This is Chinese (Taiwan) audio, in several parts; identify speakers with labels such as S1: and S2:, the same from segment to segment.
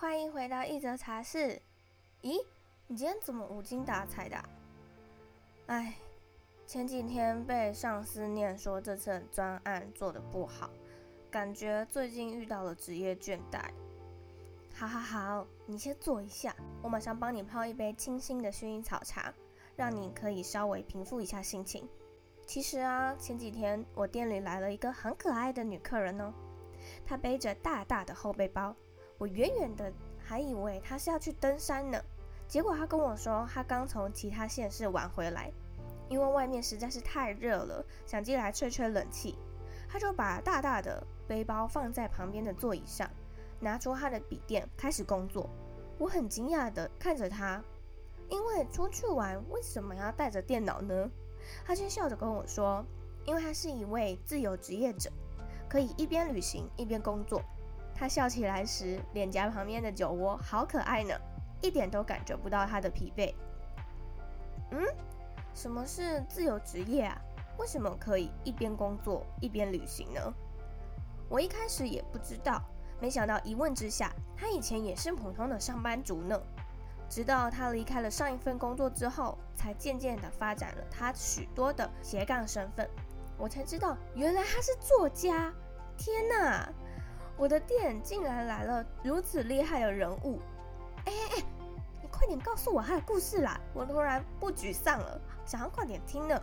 S1: 歡迎回到一則茶室。咦，你今天怎麼無精打采的啊？哎，前幾天被上司念說這次專案做得不好，感覺最近遇到了職業倦怠。好好好，你先坐一下，我馬上幫你泡一杯清新的薰衣草茶，讓你可以稍微平復一下心情。其實啊，前幾天我店裡來了一個很可愛的女客人哦，她背着大大的後背包。我遠遠的還以為他是要去登山呢？結果他跟我說他剛從其他縣市玩回來，因為外面實在是太熱了，想進來吹吹冷氣。他就把大大的背包放在旁邊的座椅上，拿出他的筆電開始工作。我很驚訝的看着他，因為出去玩為什麼要帶着電腦呢？他卻笑着跟我說，因為他是一位自由職業者，可以一邊旅行一邊工作。她笑起來時，臉頰旁邊的酒窩好可愛呢，一點都感覺不到她的疲憊。嗯，什麼是自由職業啊？為什麼可以一邊工作一邊旅行呢？我一開始也不知道，沒想到一問之下，她以前也是普通的上班族呢。直到她離開了上一份工作之後，才漸漸地發展了她許多的斜槓身份。我才知道，原來她是作家。天哪！我的店竟然來了如此厲害的人物！哎哎哎，你快點告訴我他的故事啦！我突然不沮喪了，想要快點聽呢。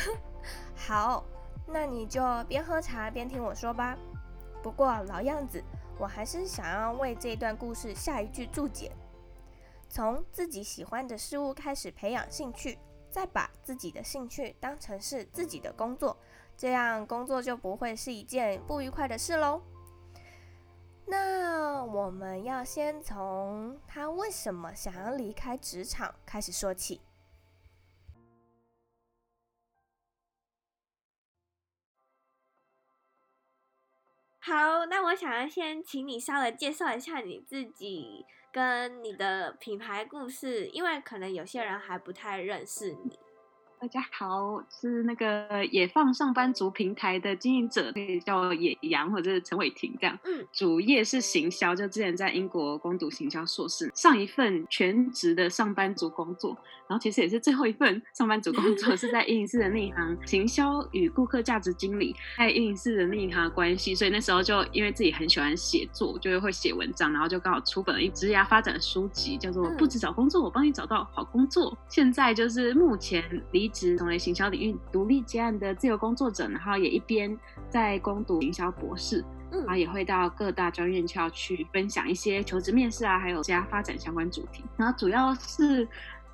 S1: 好，那你就邊喝茶邊聽我說吧。不過老樣子，我還是想要為這段故事下一句注解：從自己喜歡的事物開始培養興趣，再把自己的興趣當成是自己的工作，這樣工作就不會是一件不愉快的事嘍。那我們要先從他為什麼想要離開職場開始說起。好，那我想要先請你稍微介紹一下你自己跟你的品牌故事，因為可能有些人還不太認識你。
S2: 大家好，是那個野放上班族平台的經營者，可以叫野羊或者是陳暐婷這樣。嗯，主業是行銷，就之前在英國攻讀行銷碩士，上一份全職的上班族工作，然後其實也是最後一份上班族工作， 是在英市的那一行行銷與顧客價值經理，在英市的那一行的關係，所以那時候就因為自己很喜歡寫作，就是會寫文章，然後就剛好出版了一職涯發展的書籍，叫做《不止找工作，我幫你找到好工作》。現在就是目前離。一直從事行銷領域獨立接案的自由工作者，然後也一邊在攻讀行銷博士，然後也會到各大專院校去分享一些求職面試啊，還有其他發展相關主題。然後主要是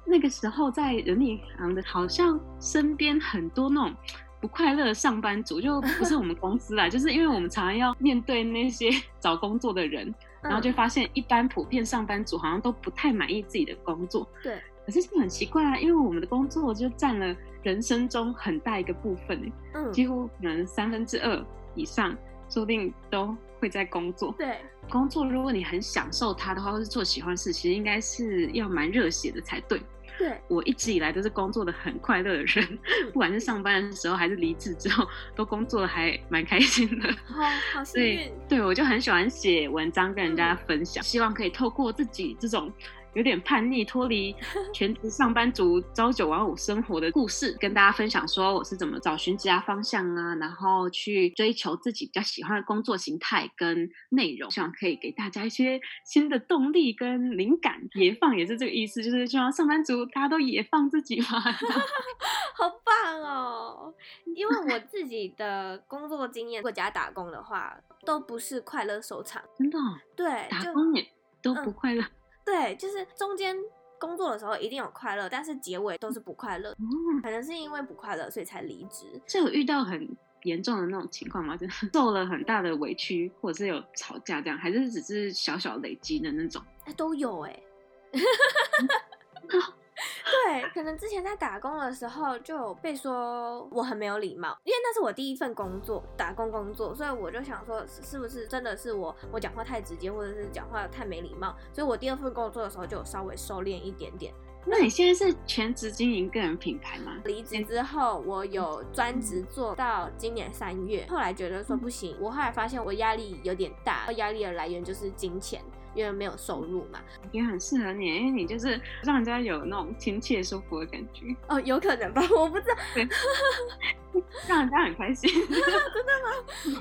S2: 那個時候在人力銀行的，好像身邊很多那種不快樂的上班族，就不是我們公司啊， 就是因為我們常常要面對那些找工作的人，然後就發現一般普遍上班族好像都不太滿意自己的工作。對。可是這很奇怪啊，因為我們的工作就佔了人生中很大一個部分、欸、嗯，幾乎可能三分之二以上，說不定都會在工作。對，工作如果你很享受它的話，或是做喜歡的事，其實應該是要蠻熱血的才對。對，我一直以來都是工作的很快樂的人，嗯、不管是上班的時候還是離職之後，都工作得還蠻開心的。好，好
S3: 幸運。所以，
S2: 對，我就很喜歡寫文章跟人家分享，嗯、希望可以透過自己這種。有點叛逆，脫離全職上班族朝九晚五生活的故事， 跟大家分享說我是怎麼找尋職涯方向啊，然後去追求自己比較喜歡的工作形態跟內容，希望可以給大家一些新的動力跟靈感。野 放也是這個意思，就是希望上班族大家都野放自己嘛，
S1: 好棒哦！因為我自己的工作經驗，如果加 打工的話，都不是快樂收場。真的？對，打工也
S3: 都不快樂。嗯
S1: 對，就是中間工作的時候一定有快樂，但是結尾都是不快樂，嗯、可能是因為不快樂所以才離職。
S2: 是有遇到很嚴重的那種情況嗎？就是、受了很大的委屈，或者是有吵架這樣，還是只是小小累積的那種？
S1: 都有哎、欸。 嗯啊 對，可能之前在打工的時候就被說我很沒有禮貌，因為那是我第一份工作，打工工作，所以我就想說是不是真的是我我講話太直接，或者是講話太沒禮貌，所以我第二份工作的時候就稍微收斂一點點。
S2: 那，那你現在是全職經營個人品
S1: 牌嗎？離職之後，我有專職做到今年三月，後來覺得說不行，我後來發現我壓力有點大，壓力的來源就是金錢。因為沒有收入嘛，也很適合你，因為你就是
S2: 讓人家有那種親切舒服的感覺。哦，有可能吧，我不知道。對 讓人家很開心，
S1: 真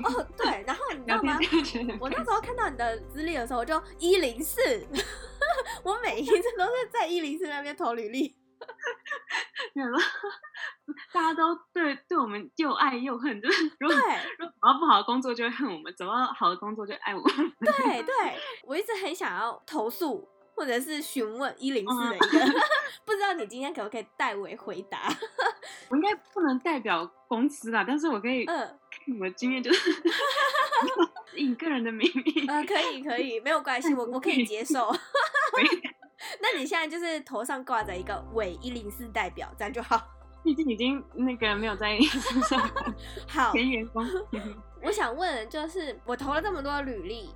S1: 的 嗎？ 哦，對。然後你知道嗎？天天我那時候看到你的資歷的時候，我就一零四。 我每一次都是在一零四那邊投履歷。 大家都對
S2: 對我們又愛又恨，就是如果找對到不好的工作就會恨我們，找到好的工作就
S1: 愛我們。對對，我一直很想要投訴或者是詢問一零四的一個，嗯、不知道你今天可不可以代為回答？
S2: 我應該不能代表公司吧，但是我可以，我、嗯、今天就是以 個人的
S1: 名義、呃。可以可以，沒有關係，我可我可以接受。以 那你現在就是頭上掛着一個偽一零四代表，這樣就好。畢竟已經，已經那個沒有在意上， 好。田 我想問，就是我投了這麼多履歷，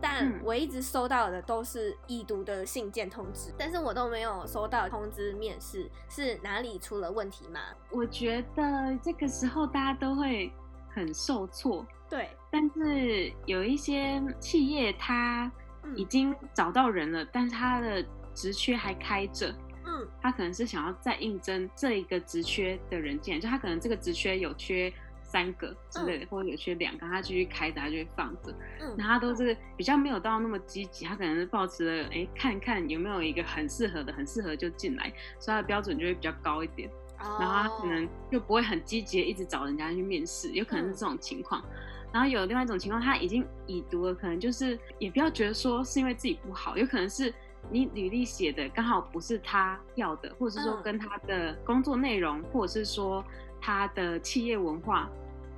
S1: 但我一直收到的都是已讀的信件通知，嗯、但是我都沒有收到通知面試，是哪裡出了問題嗎？
S2: 我覺得這個時候大家都會很受挫，對。但是有一些企業他已經找到人了，嗯、但是他的職缺還開着。嗯，他可能是想要再應徵這一個職缺的人進來，就他可能這個職缺有缺三個之類的，嗯、或者有缺兩個，他繼續開着，他就會放着。嗯，那他都是、這個、比較沒有到那麼積極，他可能是抱持了哎看看有沒有一個很適合的，很適合就進來，所以他的標準就會比較高一點。哦、然後他可能就不會很積極的一直找人家去面試，有可能是這種情況。嗯、然後有另外一種情況，他已經已讀了，可能就是也不要覺得說是因為自己不好，有可能是。你履歷寫的剛好不是他要的，或者是說跟他的工作內容，嗯、或者是說他的企業文化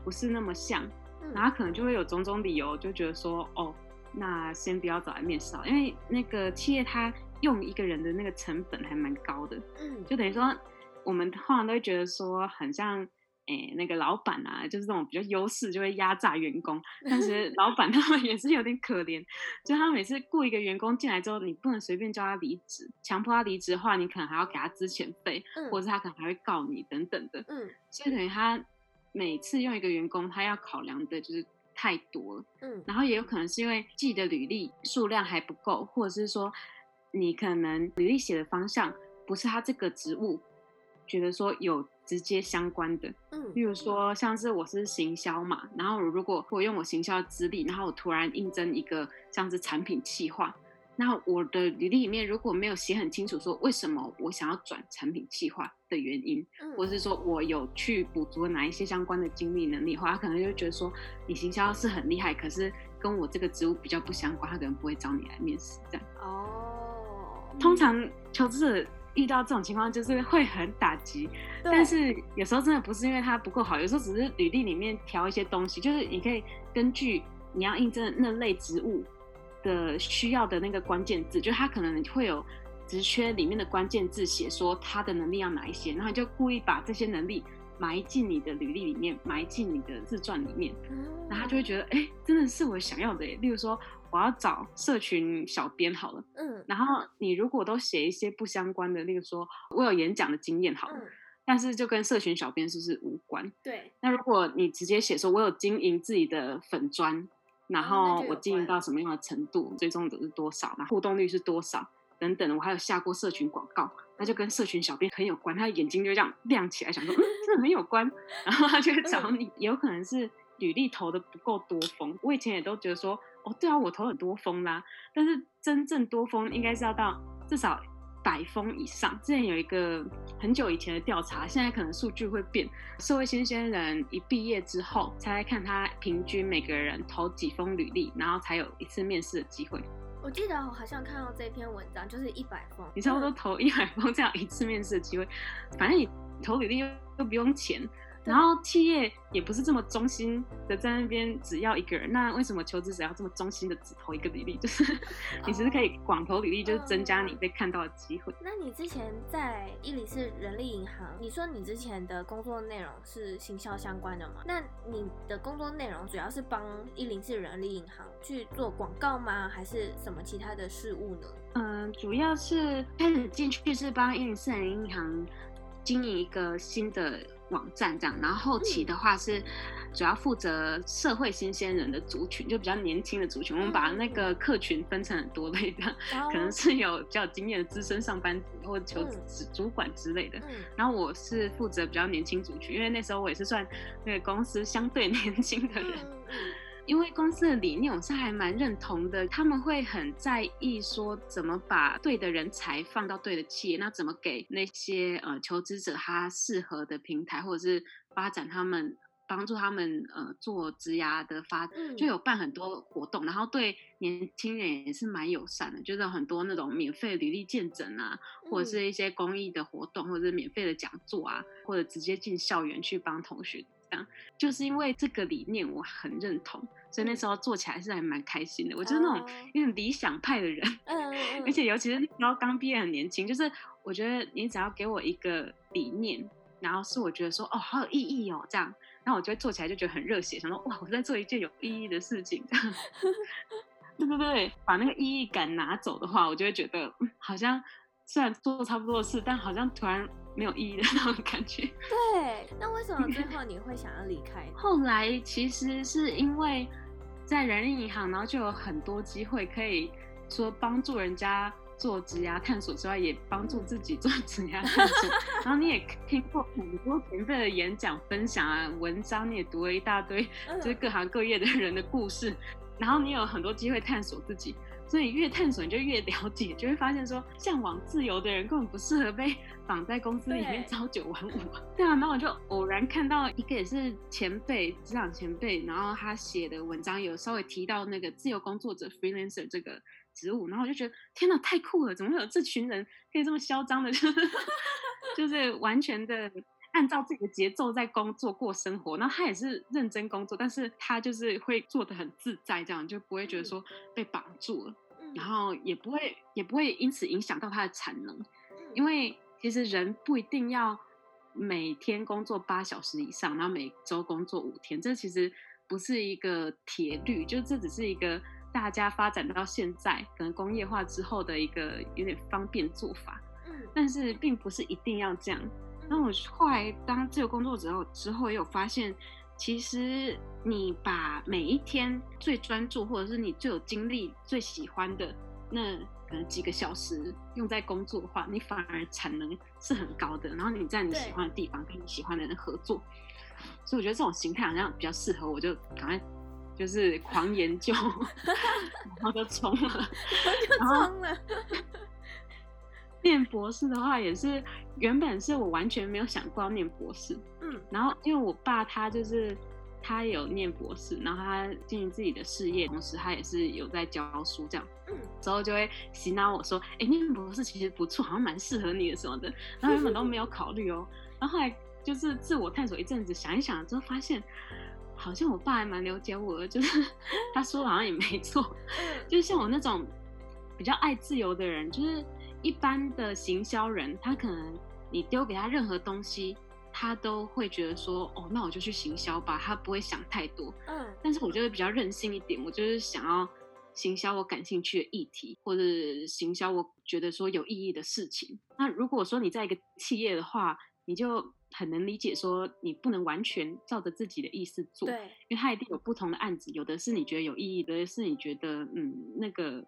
S2: 不是那麼像，嗯、然後可能就會有種種理由，就覺得說哦，那先不要找來面試，因為那個企業他用一個人的那個成本還蠻高的，就等於說我們通常都會覺得說很像。哎，那個老闆啊，就是那種比較優勢，就會壓榨員工。但是老闆他們也是有點可憐， 就他每次雇一個員工進來之後，你不能隨便叫他離職，強迫他離職的話，你可能還要給他資遣費，嗯、或者他可能還會告你等等的。嗯，所以等於他每次用一個員工，他要考量的就是太多了。嗯，然後也有可能是因為自己的履歷數量還不夠，或者是說你可能履歷寫的方向不是他這個職務覺得說有。直接相關的，嗯，比如說像是我是行銷嘛，然後如果我用我行銷的資歷，然後我突然應徵一個像是產品企劃，那我的履歷裡面如果沒有寫很清楚說為什麼我想要轉產品企劃的原因，或是說我有去補足哪一些相關的經歷能力的話，他可能就會覺得說你行銷是很厲害，可是跟我這個職務比較不相關，他可能不會找你來面試這樣。哦，嗯，通常求職者。遇到這種情況就是會很打擊，對但是有時候真的不是因為他不夠好，有時候只是履歷裡面調一些東西，就是你可以根據你要應徵那類職務的需要的那個關鍵字，就他可能會有職缺裡面的關鍵字，寫說他的能力要哪一些，然後你就故意把這些能力埋進你的履歷裡面，埋進你的自傳裡面，然後他就會覺得，哎、欸，真的是我想要的耶，例如說。我要找社群小編好了，嗯，然後你如果都寫一些不相關的，那個說我有演講的經驗好了，嗯、但是就跟社群小編是不是無關？對。那如果你直接寫說我有經營自己的粉專，然後我經營到什麼樣的程度，嗯、最終的是多少，然後互動率是多少等等，我還有下過社群廣告，那就跟社群小編很有關，他的眼睛就這樣亮起來，想說 嗯，這很有關，然後他就會找你。嗯、有可能是履歷投的不夠多風我以前也都覺得說。哦，對啊，我投很多封啦、啊，但是真正多封應該是要到至少百封以上。之前有一個很久以前的調查，現在可能數據會變。社會新鮮人一畢業之後，才來看他平均每個人投幾封履歷，然後才有一次面試的機會。
S1: 我記得我好像看到這篇文章，就是一百封，你差不
S2: 多投一百封才有一次面試的機會。反正你投履歷又又不用錢。然後企業也不是這麼忠心的在那邊只要一個人，那為什麼求職者要這麼忠心的只投一個履歷？就是你其實可以廣投履歷，就是增加你被看到的機會。哦嗯、
S1: 那你之前在104人力銀行，你說你之前的工作內容是行銷相關的嗎？那你的工作內容主要是幫104人力銀行去做廣告嗎？還是什麼其他的事物呢？嗯，
S2: 主要是開始進去是幫104人力銀行經營一個新的。網站這樣，然後後期的話是主要負責社會新鮮人的族群，就比較年輕的族群。我們把那個客群分成很多類的，可能是有比較有經驗的資深上班族或求職主管之類的。然後我是負責比較年輕族群，因為那時候我也是算那個公司相對年輕的人。因為公司的理念，我是還蠻認同的。他們會很在意說怎麼把對的人才放到對的企業，那怎麼給那些呃求職者他適合的平台，或者是發展他們，幫助他們呃做職涯的發展。就有辦很多活動，然後對年輕人也是蠻友善的，就是很多那種免費的履歷健診啊，或者是一些公益的活動，或者是免費的講座啊，或者直接進校園去幫同學。就是因為這個理念我很認同，所以那時候做起來是還蠻開心的。我就是那種有點、oh. 理想派的人，嗯、uh，uh. 而且尤其是那時候剛畢業很年輕，就是我覺得你只要給我一個理念，然後是我覺得說哦好有意義哦這樣，然後我就會做起來就覺得很熱血，想說哇，我在做一件有意義的事情，這樣 對對對，把那個意義感拿走的話，我就會覺得好像雖然做差不多的事，但好像突然。沒有意義的那種感覺。
S1: 對，那為什麼最後你會想要離開、嗯？
S2: 後來其實
S1: 是因為
S2: 在人力銀行，然後就有很多機會可以說幫助人家做職業探索之外，也幫助自己做職業探索。 然後你也聽過很多免費的演講分享啊，文章你也讀了一大堆，就是各行各業的人的故事。嗯、然後你有很多機會探索自己。所以越探索你就越了解，就會發現說向往自由的人根本不適合被綁在公司裡面朝九晚五。對啊，然後我就偶然看到一個也是前輩，職場前輩，然後他寫的文章有稍微提到那個自由工作者 freelancer 這個職務，然後我就覺得天哪，太酷了！怎麼會有這群人可以這麼囂張的，就是、就是、完全的。按照自己的節奏在工作過生活，然後他也是認真工作，但是他就是會做得很自在，這樣就不會覺得說被綁住了，嗯，然後也不會也不會因此影響到他的產能。嗯，因為其實人不一定要每天工作八小時以上，然後每周工作五天，這其實不是一個鐵律，就這只是一個大家發展到現在可能工業化之後的一個有點方便做法。嗯，但是並不是一定要這樣。那我後來當這個工作之後，之後也有發現，其實你把每一天最專注，或者是你最有精力、最喜歡的那幾個小時用在工作的話，你反而產能是很高的。然後你在你喜歡的地方跟你喜歡的人合作，對所以我覺得這種形態好像比較適合我，就趕快就是狂研究， 然後就衝了，了然後就衝了。 念博士的話，也是原本是我完全沒有想過要念博士。嗯，然後因為我爸他就是他有念博士，然後他進行自己的事業，同時他也是有在教書這樣。嗯，之後就會洗腦我說：“誒，念博士其實不錯，好像蠻適合你的什麼的。”然後原本都沒有考慮哦。是是是，然後後來就是自我探索一陣子，想一想之後發現，好像我爸還蠻了解我的，就是他說好像也沒錯。就像我那種比較愛自由的人，就是。一般的行銷人，他可能你丟給他任何東西，他都會覺得說哦，那我就去行銷吧。他不會想太多。嗯，但是我就會比較任性一點，我就是想要行銷我感興趣的議題，或者行銷我覺得說有意義的事情。那如果說你在一個企業的話，你就很能理解說你不能完全照着自己的意思做，對，因為他一定有不同的案子，有的是你覺得有意義，有的是你覺得嗯，那個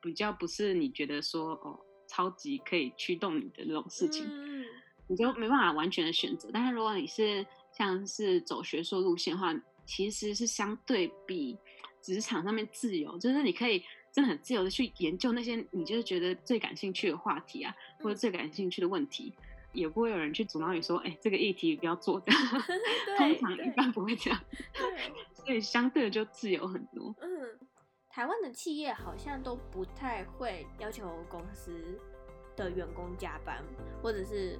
S2: 比較不是你覺得說哦。超級可以驅動你的那種事情，嗯、你就沒辦法完全的選擇。但是如果你是像是走學術路線的話，其實是相對比職場上面自由，就是你可以真的很自由的去研究那些你就是覺得最感興趣的話題啊，或者最感興趣的問題，嗯、也不會有人去阻撓你說，哎、欸，這個議題不要做。的對，通常一般不會這樣。所以相對的就自由很多。嗯
S1: 台灣的企業好像都不太會要求公司的員工加班，或者是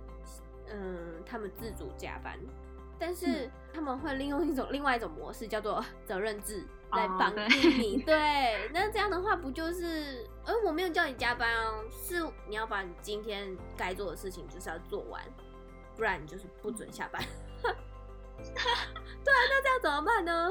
S1: 嗯，他們自主加班，但是他們會利用一種另外一種模式，叫做責任制來幫助你。Oh, 對，對，那這樣的話不就是，而、欸，我沒有叫你加班哦，是你要把你今天該做的事情就是要做完，不然你就是不准下班。 對、啊，那這樣怎麼辦呢？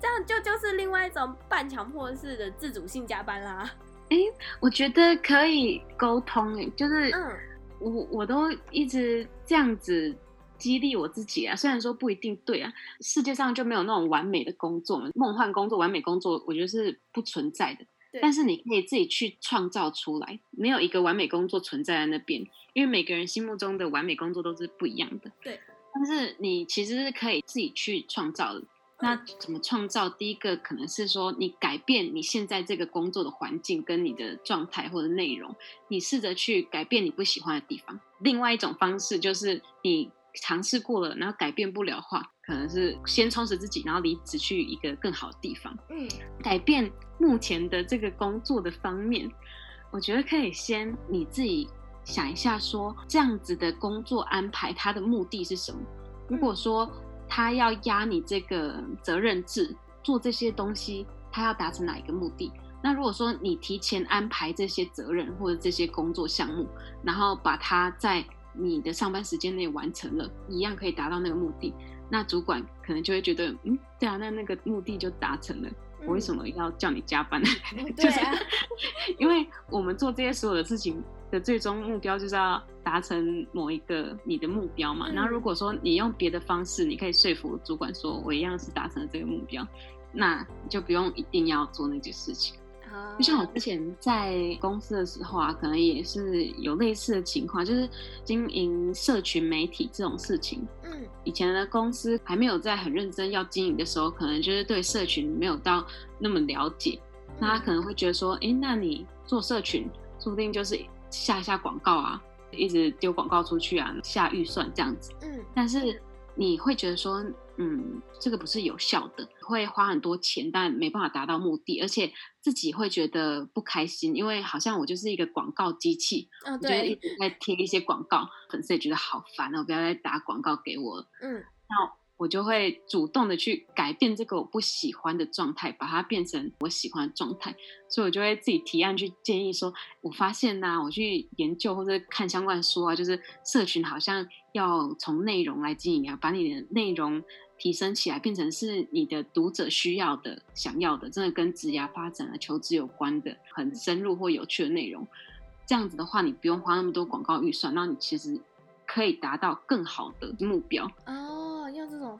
S1: 這樣就就是另外一種半強迫式的自主性加班啦、
S2: 啊。欸，我覺得可以溝通。欸，就是嗯，我我都一直這樣子激勵我自己啊。雖然說不一定對啊，世界上就沒有那種完美的工作嘛，夢幻工作、完美工作，我覺得是不存在的。對。但是你可以自己去創造出來，沒有一個完美工作存在在那邊，因為每個人心目中的完美工作都是不一樣的。對。但是你其實是可以自己去創造的。那怎麼創造？第一個，可能是說你改變你現在這個工作的環境跟你的狀態或者內容，你試着去改變你不喜歡的地方。另外一種方式就是你嘗試過了，然後改變不了的話，可能是先充實自己，然後離職去一個更好的地方。嗯，改變目前的這個工作的方面，我覺得可以先你自己想一下，說這樣子的工作安排它的目的是什麼？如果說。他要壓你這個責任制做這些東西，他要達成哪一個目的？那如果說你提前安排這些責任或者這些工作項目，然後把它在你的上班時間內完成了，一樣可以達到那個目的。那主管可能就會覺得，嗯，對啊，那那個目的就達成了，我為什麼要叫你加班？嗯、對啊、 就是，因為我們做這些所有的事情。的最終目標就是要達成某一個你的目標嘛。然後如果說你用別的方式，你可以說服主管說，我一樣是達成了這個目標，那就不用一定要做那件事情。就像我之前在公司的時候啊，可能也是有類似的情況，就是經營社群媒體這種事情。嗯，以前的公司還沒有在很認真要經營的時候，可能就是對社群沒有到那麼了解，那他可能會覺得說，欸，誒那你做社群，說不定就是。下一下廣告啊，一直丟廣告出去啊，下預算這樣子。嗯，但是你會覺得說，嗯，這個不是有效的，會花很多錢，但沒辦法達到目的，而且自己會覺得不開心，因為好像我就是一個廣告機器。
S1: 哦，對。我就一直
S2: 在貼一些廣告，粉絲也覺得好煩哦，啊，我不要再打廣告給我。嗯，那，我就會主動的去改變這個我不喜歡的狀態，把它變成我喜歡的狀態，所以我就會自己提案去建議說，我發現吶、啊，我去研究或者看相關的書啊，就是社群好像要從內容來經營啊，把你的內容提升起來，變成是你的讀者需要的、想要的，真的跟職業發展啊、求職有關的，很深入或有趣的內容。這樣子的話，你不用花那麼多廣告預算，那你其實可以達到更好的目標。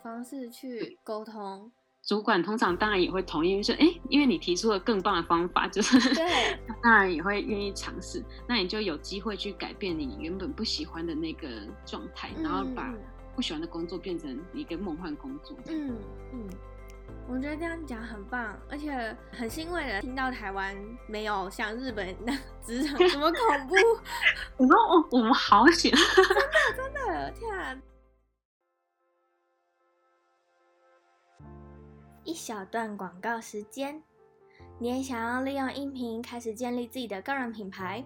S1: 方式去溝通，
S2: 主管通常當然也會同意，因為說哎、欸，因為你提出了更棒的方法，就是對，他當然也會願意嘗試，那你就有機會去改變你原本不喜歡的那個狀態，然後把不喜歡的工作變成一個夢幻工
S1: 作。嗯嗯，我覺得這樣講很棒，而且很欣慰的聽到台灣沒有像日本那職場這麼恐怖。
S3: 你 說我我
S1: 們好險，真的真的，天啊！一小段廣告時間，你也想要利用音頻開始建立自己的個人品牌，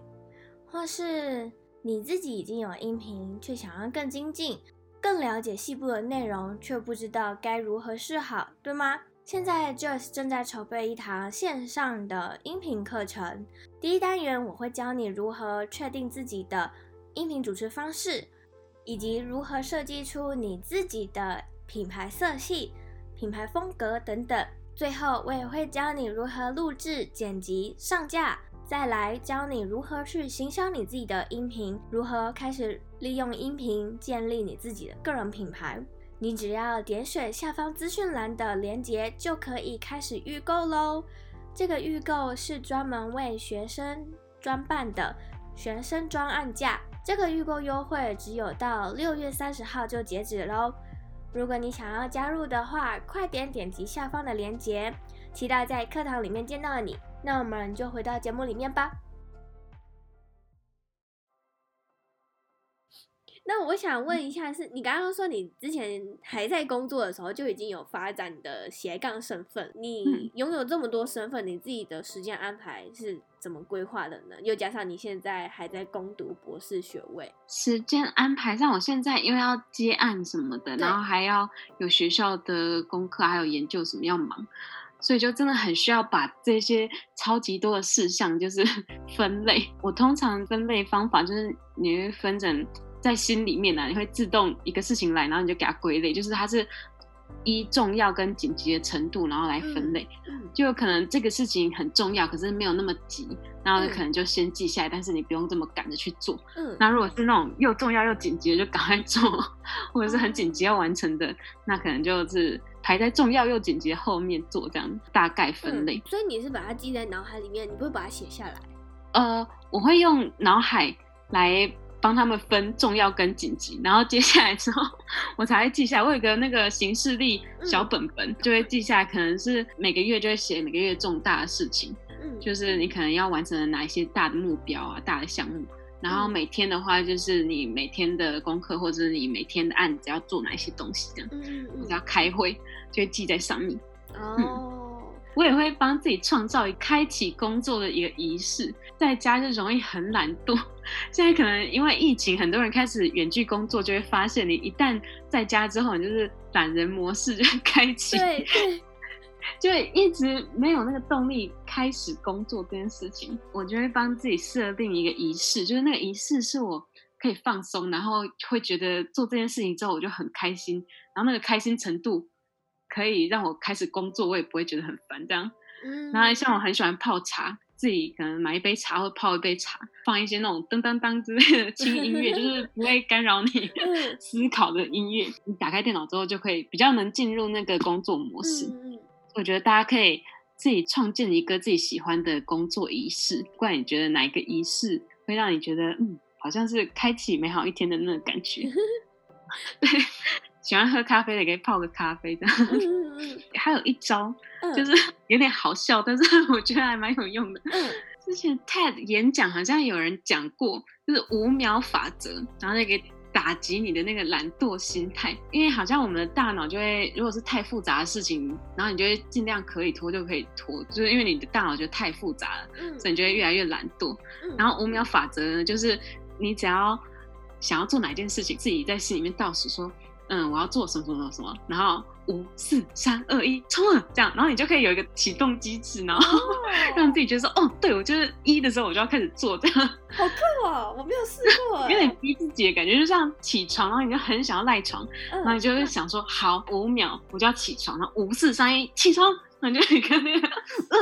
S1: 或是你自己已經有音頻，卻想要更精進、更了解細部的內容，卻不知道該如何是好，對嗎？現在 Joyce 正在籌備一堂線上的音頻課程，第一單元我會教你如何確定自己的音頻主持方式，以及如何設計出你自己的品牌色系。品牌風格等等，最後我也會教你如何錄製、剪輯、上架，再來教你如何去行銷你自己的音頻，如何開始利用音頻建立你自己的個人品牌。你只要點選下方資訊欄的鏈接，就可以開始預購嘍。這個預購是專門為學生專辦的，學生專案價。這個預購優惠只有到六月三十號就截止嘍。如果你想要加入的話，快點點擊下方的鏈接，期待在課堂裡面見到你。那我們就回到節目裡面吧。那我想問一下是，是你剛剛說你之前還在工作的時候就已經有發展你的斜槓身份？你擁有這麼多身份，你自己的時間安排是怎麼規劃的呢？又加上你現在還在攻讀博士學位，
S2: 時間安排上，我現在因為要接案什麼的，對然後還要有學校的功課，還有研究什麼要忙，所以就真的很需要把這些超級多的事項就是分類。我通常分類方法就是，你會分成。在心裡面呢、啊，你會自動一個事情來，然後你就給它歸類，就是它是依重要跟緊急的程度，然後來分類。嗯嗯、就可能這個事情很重要，可是沒有那麼急，然後可能就先記下來，嗯、但是你不用這麼趕着去做。嗯，那如果是那種又重要又緊急的，就趕快做；或者是很緊急要完成的，嗯、那可能就是排在重要又緊急的後面做，這樣大概分類、嗯。所
S1: 以你是把它記在腦海裡面，你不會把它寫下來？
S2: 呃，我會用腦海來。幫他們分重要跟緊急，然後接下來之後，我才會記下來。我有一個那個行事曆小本本，嗯、就會記下來。可能是每個月就會寫每個月重大的事情，嗯，就是你可能要完成哪一些大的目標啊、嗯、大的項目。然後每天的話，就是你每天的功課或者是你每天的案子要做哪一些東西這樣，嗯，嗯，或者要開會，就會記在上面。嗯哦我也會幫自己創造一開啟工作的一個儀式，在家就容易很懶惰。現在可能因為疫情，很多人開始遠距工作，就會發現你一旦在家之後，你就是懶人模式就開啟，對，就一直沒有那個動力開始工作這件事情。我就會幫自己設定一個儀式，就是那個儀式是我可以放鬆，然後會覺得做這件事情之後我就很開心，然後那個開心程度，可以讓我開始工作，我也不會覺得很煩。這樣，然後像我很喜歡泡茶，自己可能買一杯茶或泡一杯茶，放一些那種噹噹噹之類的輕音樂，就是不會干擾你思考的音樂。你打開電腦之後，就可以比較能進入那個工作模式。我覺得大家可以自己創建一個自己喜歡的工作儀式。不管你覺得哪一個儀式會讓你覺得，嗯，好像是開啟美好一天的那種感覺。 對。喜歡喝咖啡的，可以泡個咖啡。這樣，還有一招，就是有點好笑，但是我覺得還蠻有用的。嗯、之前 TED 演講好像有人講過，就是五秒法則，然後再給打擊你的那個懶惰心態。因為好像我們的大腦就會，如果是太複雜的事情，然後你就會盡量可以拖就可以拖，就是因為你的大腦覺得太複雜了，所以你就會越來越懶惰。然後五秒法則呢，就是你只要想要做哪件事情，自己在心裡面倒數說。嗯，我要做什麼什麼什麼，然後五四三二一，5, 4, 3, 2, 1, 衝啊這樣，然後你就可以有一個啟動機制，然後讓、oh. 自己覺得說，哦，對我就是一的時候，我就要開始做這樣。好
S1: 酷啊、哦！我沒有試過，嗯、有點
S2: 逼自己的感覺，就像起床，然後你就很想要賴床，嗯、然後你就會想說，好，五秒我就要起床，然後五四三一起床，然後你就感覺你看那個，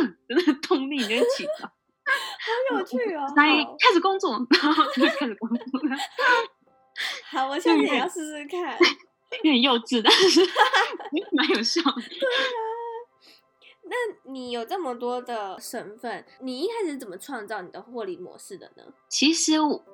S2: 嗯，真的動力你就起
S1: 床， 好有趣啊、哦！三一，
S2: 開始工作，然後就開始工
S1: 作。 好，我下次也要試試看。後
S2: 有點 幼稚，但是
S3: 蠻有效。
S1: 對啊，那你有這麼多的身份，你一開始怎麼創造你的獲利模式的呢？
S2: 其實我，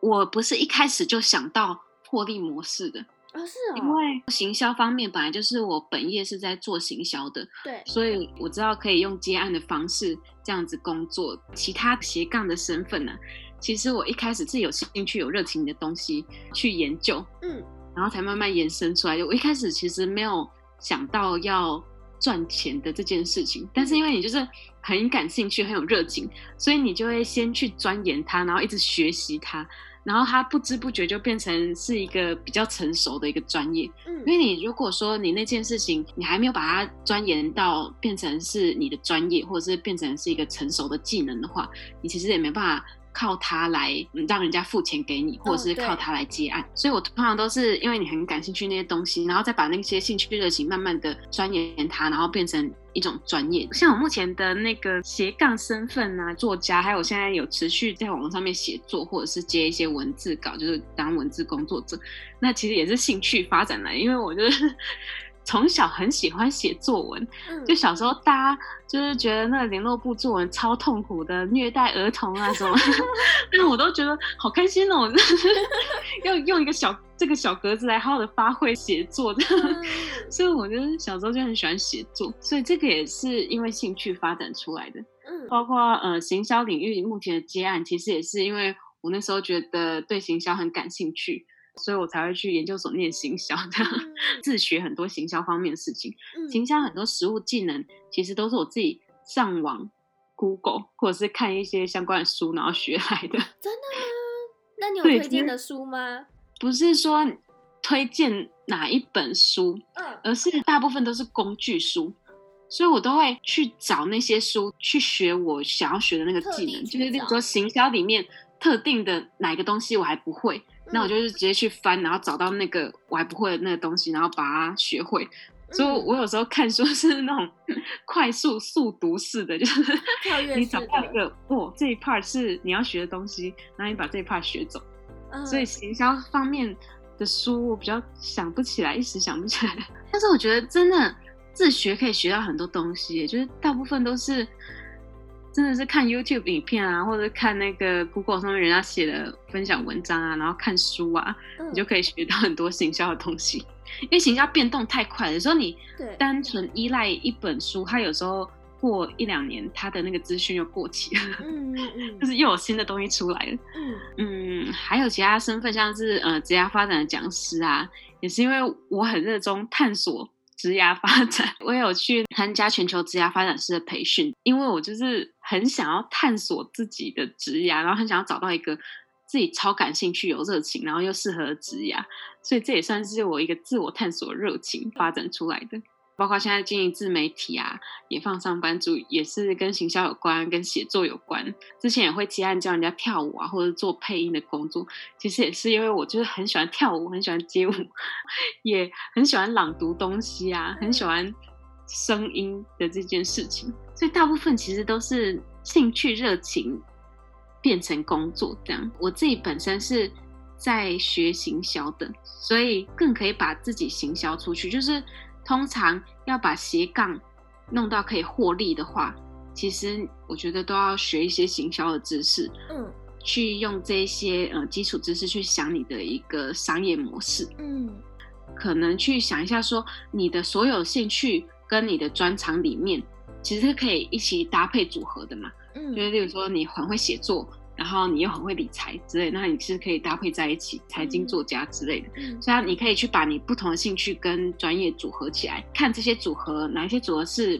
S2: 我不是一開始就想到獲利模式的啊、哦，是哦，因為行銷方面本來就是我本業是在做行銷的，對，所以我知道可以用接案的方式這樣子工作。其他斜槓的身份呢、啊，其實我一開始是有興趣、有熱情的東西去研究，嗯。然後才慢慢延伸出來。我一開始其實沒有想到要賺錢的這件事情，但是因為你就是很感興趣、很有熱情，所以你就會先去鑽研它，然後一直學習它，然後它不知不覺就變成是一個比較成熟的一個專業。嗯，因為你如果說你那件事情你還沒有把它鑽研到變成是你的專業，或者是變成是一個成熟的技能的話，你其實也沒辦法。靠他來讓人家付錢給你，或者是靠他來接案，哦、所以我通常都是因為你很感興趣那些東西，然後再把那些興趣熱情慢慢的鑽研它，然後變成一種專業。像我目前的那個斜槓身份啊，作家，還有現在有持續在網絡上面寫作，或者是接一些文字稿，就是當文字工作者，那其實也是興趣發展來，因為我就是。 從小很喜歡寫作文，就小時候大家就是覺得那個聯絡簿作文超痛苦的，虐待兒童啊什麼，嗯、但我都覺得好開心哦，要用一個小，這個小格子來好好的發揮寫作的，嗯、所以我就是小時候就很喜歡寫作，所以這個也是因為興趣發展出來的。嗯，包括呃行銷領域目前的接案，其實也是因為我那時候覺得對行銷很感興趣。所以我才會去研究所念行銷，這樣、嗯、自學很多行銷方面的事情。嗯、行銷很多實務技能，其實都是我自己上網、Google 或者是看一些相關的書，然後學來的。
S1: 真的嗎？那你有推薦的書
S2: 嗎？就是、不是說推薦哪一本書，嗯、而是大部分都是工具書，所以我都會去找那些書去學我想要學的那個技能，就是說行銷裡面特定的哪一個東西我還不會。那我就是直接去翻，然後找到那個我還不會的那個東西，然後把它學會。所以我有時候看書是那種快速速讀式的，就是你找到一個，哦，這一 part 是你要學的東西，然後你把這一 part 學走。嗯、所以行銷方面的書我比較想不起來，一時想不起來。但是我覺得真的自學可以學到很多東西，就是大部分都是。真的是看 YouTube 影片啊，或者看那個 Google 上面人家寫的分享文章啊，然後看書啊，你就可以學到很多行銷的東西。因為行銷變動太快了，有時候你單純依賴一本書，它有時候過一兩年，它的那個資訊又過期了，就、
S3: 嗯嗯
S2: 嗯、是又有新的東西出來了。嗯，還有其他身份，像是呃職業發展的講師啊，也是因為我很熱衷探索。職涯發展，我也有去參加全球職涯發展師的培訓，因為我就是很想要探索自己的職涯，然後很想要找到一個自己超感興趣、有熱情，然後又適合的職涯，所以這也算是我一個自我探索熱情發展出來的。包括現在經營自媒體啊，野放上班族，也是跟行銷有關，跟寫作有關。之前也會接案教人家跳舞啊，或者做配音的工作。其實也是因為我就是很喜歡跳舞，很喜歡街舞，也很喜歡朗讀東西啊，很喜歡聲音的這件事情。嗯、所以大部分其實都是興趣熱情變成工作這樣。我自己本身是在學行銷的，所以更可以把自己行銷出去，就是。通常要把斜槓弄到可以獲利的話，其實我覺得都要學一些行銷的知識，嗯，去用這些呃基礎知識去想你的一個商業模式，嗯，可能去想一下說你的所有興趣跟你的專長裡面，其實是可以一起搭配組合的嘛，嗯，就是例如說你很會寫作。然後你又很會理財之類，那你是可以搭配在一起，財經作家之類的。嗯，所以你可以去把你不同的興趣跟專業組合起來，看這些組合哪一些組合是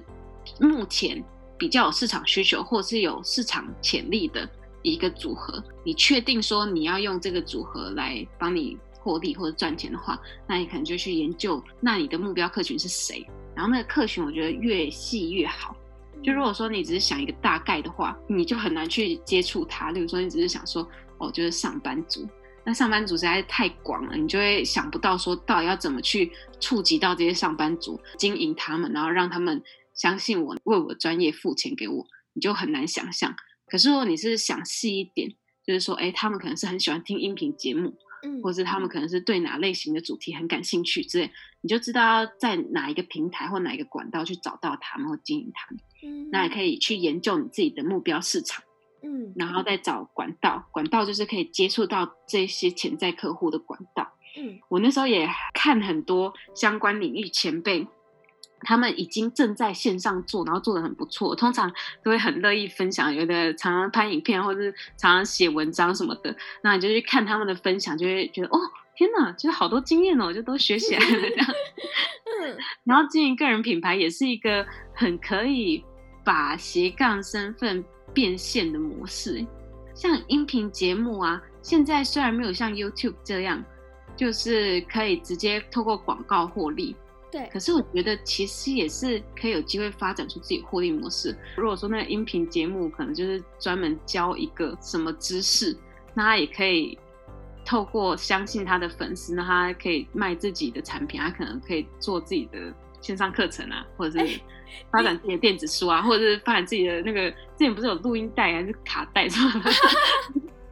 S2: 目前比較有市場需求，或者是有市場潛力的一個組合。你確定說你要用這個組合來幫你獲利或者賺錢的話，那你可能就去研究那你的目標客群是誰。然後那個客群，我覺得越細越好。就如果說你只是想一個大概的話，你就很難去接觸他。例如說，你只是想說，哦，就是上班族，那上班族實在是太廣了，你就會想不到說到底要怎麼去觸及到這些上班族，經營他們，然後讓他們相信我，為我專業付錢給我，你就很難想象。可是如果你是想細一點，就是說，誒、哎，他們可能是很喜歡聽音頻節目，嗯，
S3: 或者他們可
S2: 能是對哪類型的主題很感興趣之類。你就知道在哪一個平台或哪一個管道去找到他們或經營他們，嗯、那也可以去研究你自己的目標市場，
S3: 嗯，然後
S2: 再找管道，管道就是可以接觸到這些潛在客戶的管道。
S3: 嗯，我
S2: 那時候也看很多相關領域前輩，他們已經正在線上做，然後做得很不錯，通常都會很樂意分享，有的常常拍影片或者常常寫文章什麼的，那你就去看他們的分享，就會覺得哦。天哪，就是好多經驗哦，我就都學起來了這樣。嗯， 然後經營個人品牌也是一個很可以把斜槓身份變現的模式，像音頻節目啊，現在雖然沒有像 YouTube 這樣，就是可以直接透過廣告獲利，對。可是我覺得其實也是可以有機會發展出自己獲利的模式。如果說那個音頻節目可能就是專門教一個什麼知識，那他也可以。透過相信他的粉絲，那他可以賣自己的產品，他可能可以做自己的線上課程啊，或者是發展自己的電子書啊，欸、或者是發展自己的那個、欸、之前不是有錄音帶還是卡帶什麼的。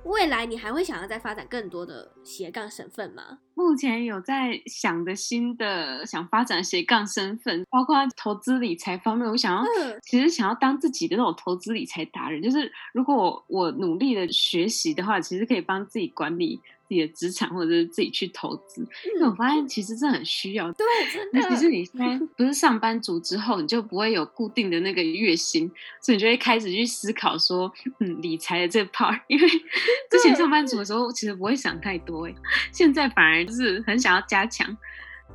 S1: 未來你還會想要再發展更多的斜槓身份嗎？
S2: 目前有在想的新的想發展斜槓身份，包括投資理財方面，我想要、嗯、其實想要當自己的那種投資理財達人，就是如果我努力的學習的話，其實可以幫自己管理，自己的資產，或者是自己去投資，嗯、因為我發現其實這很需要。對，真的。其實你不是上班族之後，你就不會有固定的那個月薪，所以你就會開始去思考說，嗯，理財的這 part。因為之前上班族的時候，其實不會想太多、欸，哎對，現在反而就是很想要加強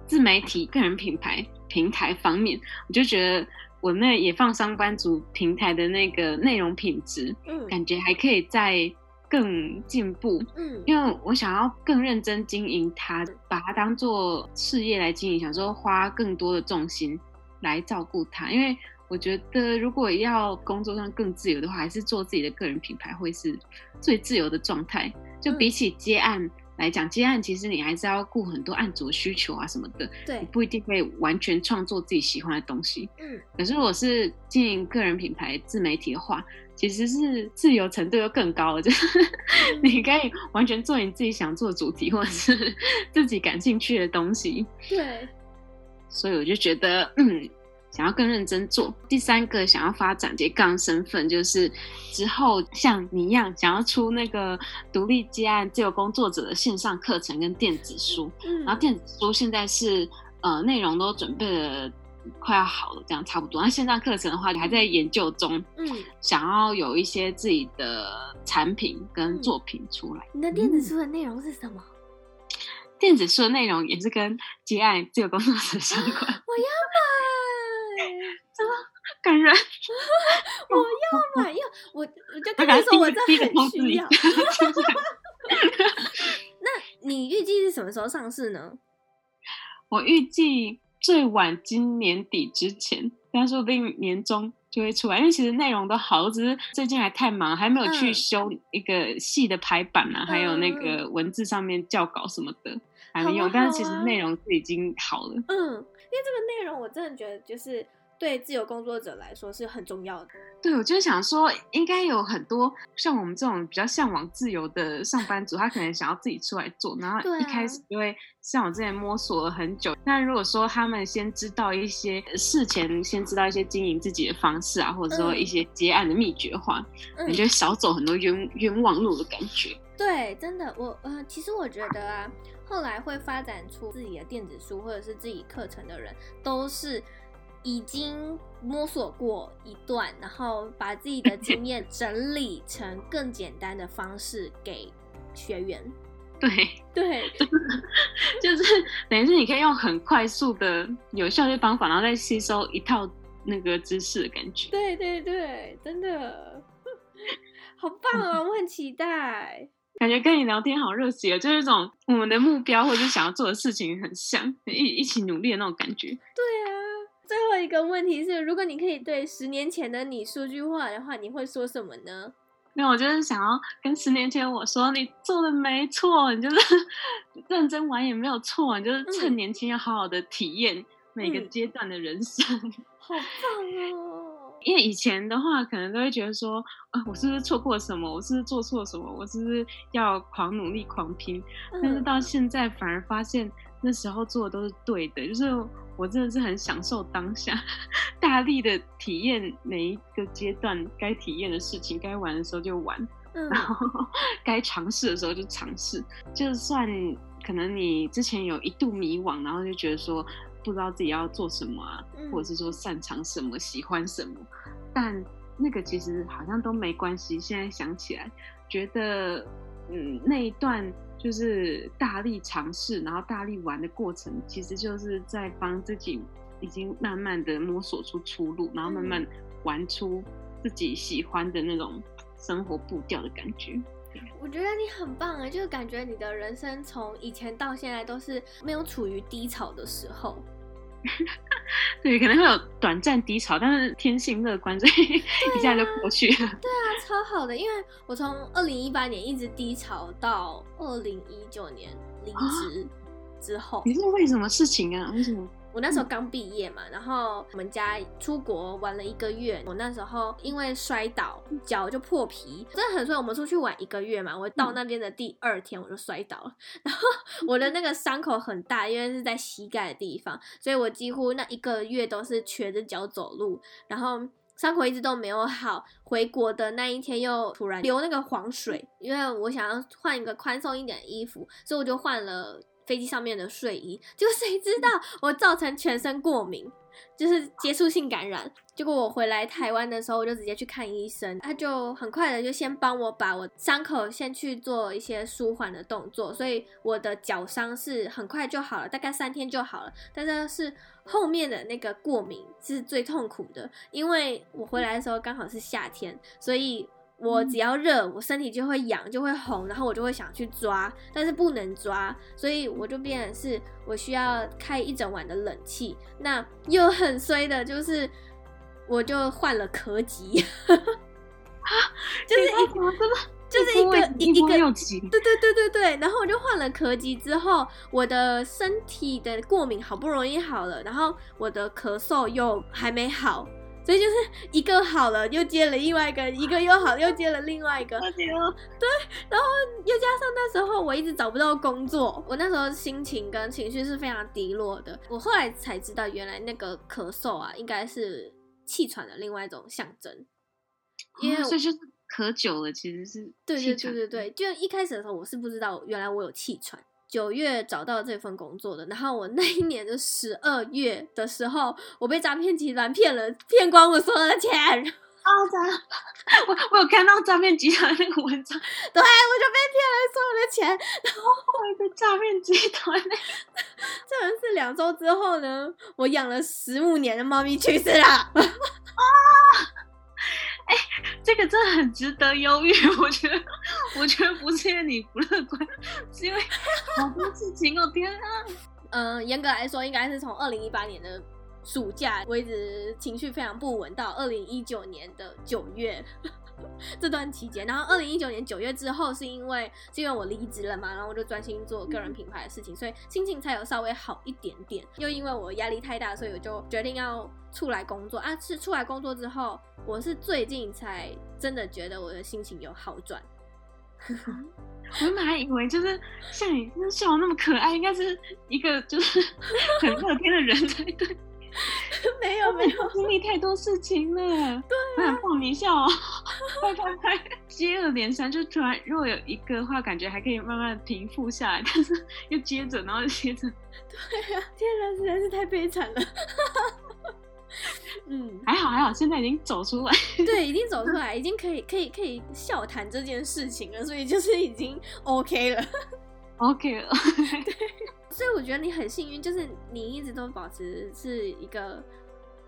S2: 自媒體、個人品牌平台方面。我就覺得我那野放上班族平台的那個內容品質，嗯、感覺還可以再更進步，嗯，因為我想要更認真經營它，嗯、把它當做事業來經營，想說花更多的重心來照顧它。因為我覺得，如果要工作上更自由的話，還是做自己的個人品牌會是最自由的狀態。就比起接案來講，嗯、接案其實你還是要顧很多案主需求啊什麼的，對，你不一定會完全創作自己喜歡的東西。嗯，可是我是經營個人品牌自媒體的話。其實是自由程度又更高了，就是你可以完全做你自己想做的主題、嗯、或者是自己感興趣的東西。對，所以我就覺得，嗯，想要更認真做。第三個想要發展斜槓身份，就是之後像你一樣，想要出那個獨立接案自由工作者的線上課程跟電子書。嗯、然後電子書現在是，呃，內容都準備了。快要好了，這樣差不多。那線上課程的話，你還在研究中。嗯，想要有一些自己的產品跟作品出來。
S1: 嗯、你的電子書的內容是什麼？嗯、
S2: 電子書的內容也是跟接案自由工作室相關。
S1: 我要
S3: 買，怎麼？感人！ 我要買，要我，
S1: 我就跟你說，啊、我這很需要。 那你預計是什麼時候上市呢？我預計。最晚今年
S2: 底之前，但是說不定年中就會出來，因為其實內容都好，只是最近還太忙，還沒有去修一個戲的排版啊，嗯、還有那個文字上面校稿什麼的、嗯、還沒有，啊、但是其實內容是已經好了。
S1: 好啊好啊、嗯，因為這個內容我真的覺得就是。對自由工作者來說是很重要的。
S2: 對，我就是想說，應該有很多像我們這種比較嚮往自由的上班族，他可能想要自己出來做，然後一開始因為像我之前摸索了很久。那如果說他們先知道一些事前，先知道一些經營自己的方式啊，或者說一些接案的祕訣的話，
S1: 你就
S2: 少走很多冤、嗯、冤枉路的感覺。
S1: 對，真的，我呃，其實我覺得啊，後來會發展出自己的電子書或者是自己課程的人，都是。已經摸索過一段，然後把自己的經驗整理成更簡單的方式給學員。
S2: 對對，對 就是等於是你可以用很快速的有效的方法，然後再吸收一套那個知識的感覺。
S1: 對對對，真的好棒啊！我很期待，
S2: 感覺跟你聊天好熱血哦，就是這種我們的目標或者想要做的事情很像，一一起努力的那種感覺。對啊。
S1: 最後一個問題是，如果你可以對十年前的你說句話的話，你會說什麼呢？
S2: 那我就是想要跟十年前我說，你做得沒錯，你就是認真玩也沒有錯，嗯、你就是趁年輕要好好的體驗每個階段的人生。嗯、
S3: 好
S2: 棒哦！因為以前的話，可能都會覺得說，啊、呃，我是不是錯過什麼？我是不是做錯什麼？我是不是要狂努力狂拼？但是到現在反而發現，那時候做的都是對的，就是。我真的是很享受當下，大力的體驗每一個階段該體驗的事情，該玩的時候就玩，嗯、然後該嘗試的時候就嘗試。就算可能你之前有一度迷惘，然後就覺得說不知道自己要做什麼啊，嗯、或者是說擅長什麼、喜歡什麼，但那個其實好像都沒關係。現在想起來，覺得嗯那一段。就是大力嘗試，然後大力玩的過程，其實就是在幫自己已經慢慢的摸索出出路，然後慢慢玩出自己喜歡的那種生活步調的感覺。
S1: 我覺得你很棒啊、欸，就是感覺你的人生從以前到現在都是沒有處於低潮的時候。 對，
S2: 可能會有短暫低潮，但是天性樂觀，所以一下就過去了
S1: 對、啊。對啊，超好的，因為我從二零一八年一直低潮到二零一九年離職之後、啊，你
S2: 是為什麼事情啊？為什麼？
S1: 我那時候剛畢業嘛，然後我們家出國玩了一個月。我那時候因為摔倒，腳就破皮，真的很衰。我們出去玩一個月嘛，我到那邊的第二天我就摔倒了，然後我的那個傷口很大，因為是在膝蓋的地方，所以我幾乎那一個月都是瘸着腳走路，然後傷口一直都沒有好。回國的那一天又突然流那個黃水，因為我想要換一個寬鬆一點的衣服，所以我就換了。飛機上面的睡衣，結果誰知道我造成全身過敏，就是接觸性感染。結果我回來台灣的時候，我就直接去看醫生，他就很快的就先幫我把我傷口先去做一些舒緩的動作，所以我的腳傷是很快就好了，大概三天就好了。但是是後面的那個過敏是最痛苦的，因為我回來的時候剛好是夏天，所以。我只要熱，我身體就會癢，就會紅，然後我就會想去抓，但是不能抓，所以我就變成是我需要開一整晚的冷氣。那又很衰的就是，我就換了殼吉，就是一就是一個一,一,一，是一個，一個對對對對對，然後我就換了殼吉之後，我的身體的過敏好不容易好了，然後我的咳嗽又還沒好。所以就是一個好了，又接了另外一個，一個又好，又接了另外一個。對，然後又加上那時候我一直找不到工作，我那時候心情跟情緒是非常低落的。我後來才知道，原來那個咳嗽啊，應該是氣喘的另外一種象徵。因為我、哦、所以就是
S3: 咳久了，其
S1: 實是。對對對對對，就一開始的時候我是不知道，原來我有氣喘。九月找到這份工作的，然後我那一年的十二月的時候，我被詐騙集團騙了，騙光我所有的錢。啊、哦！我我有看到詐騙集團那個文章，對，我就被騙了所有的錢。然後後來被詐騙集團……這可能是兩周之後呢，我養了十五年的貓咪去世了。啊、哦！哎、欸。這個真的很值得憂鬱，我覺得，我覺得不是因為你 不樂觀，是因為好多事情哦，天啊！嗯、 呃，嚴格來說，應該是從二零一八年的暑假，我一直情緒非常不穩，到二零一九年的九月。這段期間，然後二零一九年九月之後，是因為是因為我離職了嘛，然後我就專心做個人品牌的事情，所以心情才有稍微好一點點。又因為我壓力太大，所以我就決定要出來工作啊！是出來工作之後，我是最近才真的覺得我的心情有好轉。 我本來以為就是像你，笑得那麼可愛，應該是一個就是很樂天的人才。對。
S2: 沒有沒有經歷太多事情了，對啊，爆米笑、哦，快快快接二連三，就突然，如果有一個的話，感覺還可以慢慢平復下來，但是又接着，然後接着，
S1: 對啊，接著，實在是太悲慘了， 嗯，還好還好，
S2: 現在已經走出來，
S1: 對，已經走出來，嗯、已經可以可以可以笑談這件事情了，所以就是已經 OK 了
S2: ，OK 了對。
S1: 所以我覺得你很幸運，就是你一直都保持是一個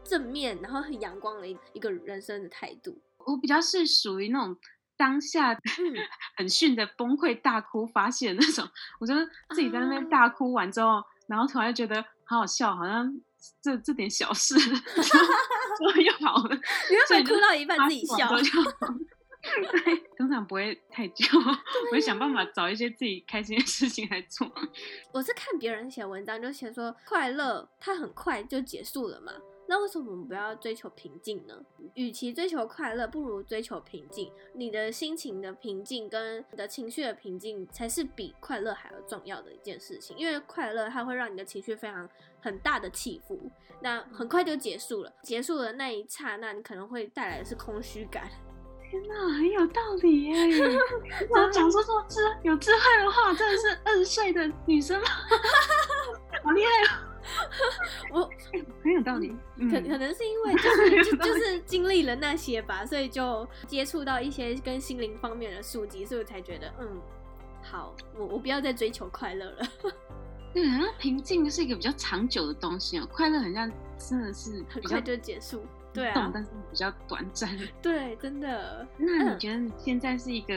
S1: 正面，然後很陽光的一一個人生的態度。
S2: 我比較是屬於那種當下很遜的崩潰大哭發洩的那種。嗯、我就自己在那邊大哭完之後，啊、然後突然覺得好好笑，好像這這點小事 又好了。你為什麼哭到一半自己笑？ 通常不會太久，啊、我會想辦法找一些自己開心的事情來做。
S1: 我是看別人寫文章，就寫說快樂它很快就結束了嘛，那為什麼我們不要追求平靜呢？與其追求快樂，不如追求平靜。你的心情的平靜跟你的情緒的平靜，才是比快樂還要重要的一件事情。因為快樂它會讓你的情緒非常很大的起伏，那很快就結束了，結束了那一剎那，你可能會帶來的是空虛感。天哪，
S3: 很有
S2: 道理耶！
S3: 然後講說說
S2: 是有智慧的話，真的是二十歲的女生嗎？好厲害哦！我、欸、很有道理，
S3: 可、嗯、可能是因為就是 就，就
S1: 是經歷了那些吧，所以就接觸到一些跟心靈方面的書籍，所以我才覺得嗯，好，我我不要再追求快樂了。
S2: 對，平靜是一個比較長久的東西喔，快樂好像真的是很快就
S1: 結束。對、啊，但是比
S2: 較短暫。對，真的。那你覺得你現在是一個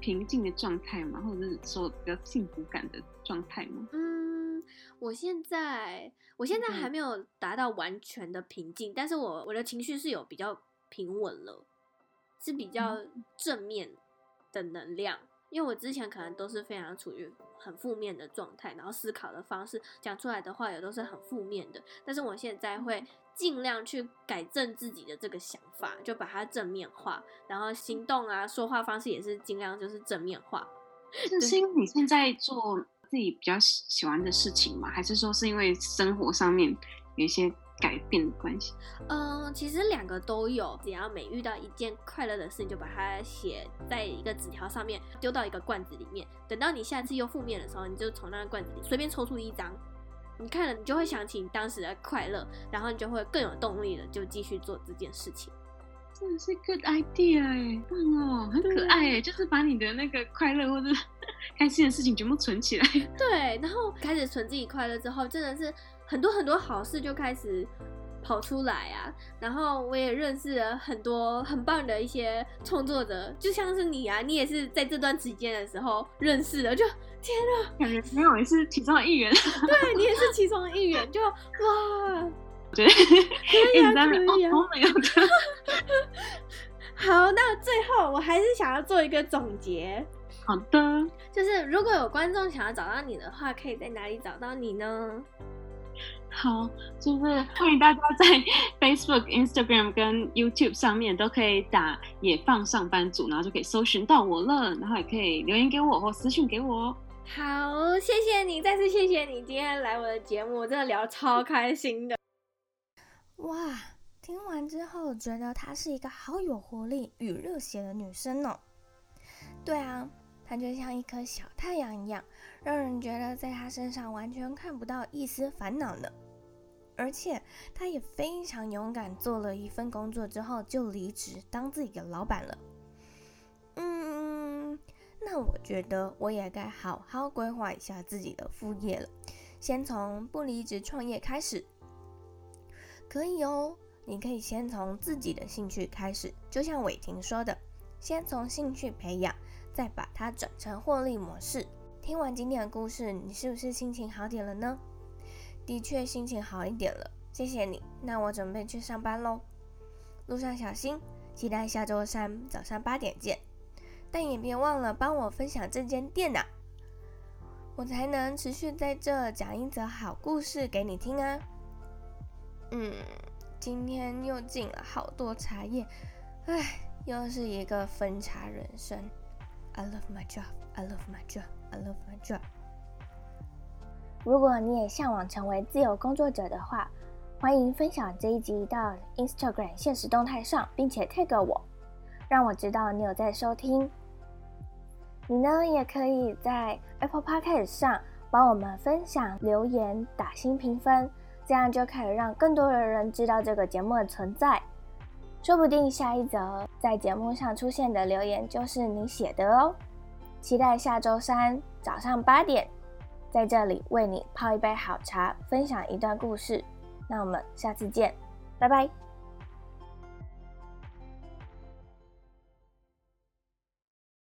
S2: 平靜的狀態嗎？或者是說比較幸福感的狀態嗎？嗯，
S1: 我現在，我現在還沒有達到完全的平靜，嗯、但是我我的情緒是有比較平穩了，是比較正面的能量。嗯、因為我之前可能都是非常處於很負面的狀態，然後思考的方式，講出來的話也都是很負面的。但是我現在會盡量去改正自己的這個想法，就把它正面化，然後行動啊，說話方式也是盡量就是正面化。
S2: 是因為你現在做自己比較喜歡的事情嗎？還是說是因為生活上面有一些改變的關係？嗯，
S1: 其實兩個都有。只要每遇到一件快樂的事，你就把它寫在一個紙條上面，丟到一個罐子裡面。等到你下次又負面的時候，你就從那個罐子裡隨便抽出一張。你看了，你就會想起你當時的快樂，然後你就會更有動力了，就繼續做這件事情。真
S2: 的是 good idea 哎，棒哦，很可愛哎，很可愛，就是把你的那個快樂或者開心的事情全部存起來。
S1: 對，然後開始存自己快樂之後，真的是很多很多好事就開始跑出來啊。然後我也認識了很多很棒的一些創作者，就像是你啊，你也是在這段時間的時候認識的。就。天吶，感覺沒有你是其中的一員。對，對，你也是其中的一員， 就哇，對，可以啊，可以啊，oh、 好，那最後我還是想要做一個總結。好的，就是如果有觀眾想要找到你的話，可以在哪裡找到你呢？
S2: 好，就是歡迎大家在 Facebook、 Instagram 跟 YouTube 上面都可以打“野放上班族”，然後就可以搜尋到我了，然後也可以留言給我或私訊給我。
S1: 好，謝謝你，再次謝謝你今天來我的節目，我真的聊超開心的。哇，聽完之後覺得她是一個好有活力與熱血的女生哦。對啊，她就像一顆小太陽一樣，讓人覺得在她身上完全看不到一絲煩惱呢。而且她也非常勇敢，做了一份工作之後就離職當自己的老闆了。嗯。那我覺得我也該好好規劃一下自己的副業了，先從不離職創業開始。可以哦，你可以先從自己的興趣開始，就像暐婷說的，先從興趣培養，再把它轉成獲利模式。聽完今天的故事，你是不是心情好點了呢？的確，心情好一點了。謝謝你。那我準備去上班嘍，路上小心。期待下周三早上八點見。但也別忘了幫我分享這間店吶，我才能持續在這講一則好故事給你聽啊。嗯，今天又進了好多茶葉，唉，又是一個分茶人生。I love my job, I love my job, I love my job。如果你也向往成為自由工作者的話，歡迎分享這一集到 Instagram 限時動態上，並且 tag 我，讓我知道你有在收聽。你呢，也可以在 Apple Podcast 上幫我們分享、留言、打星評分，這樣就可以讓更多的人知道這個節目的存在。說不定下一則在節目上出現的留言就是你寫的哦。期待下周三早上八點在這裡為你泡一杯好茶，分享一段故事。那我們下次見，拜拜。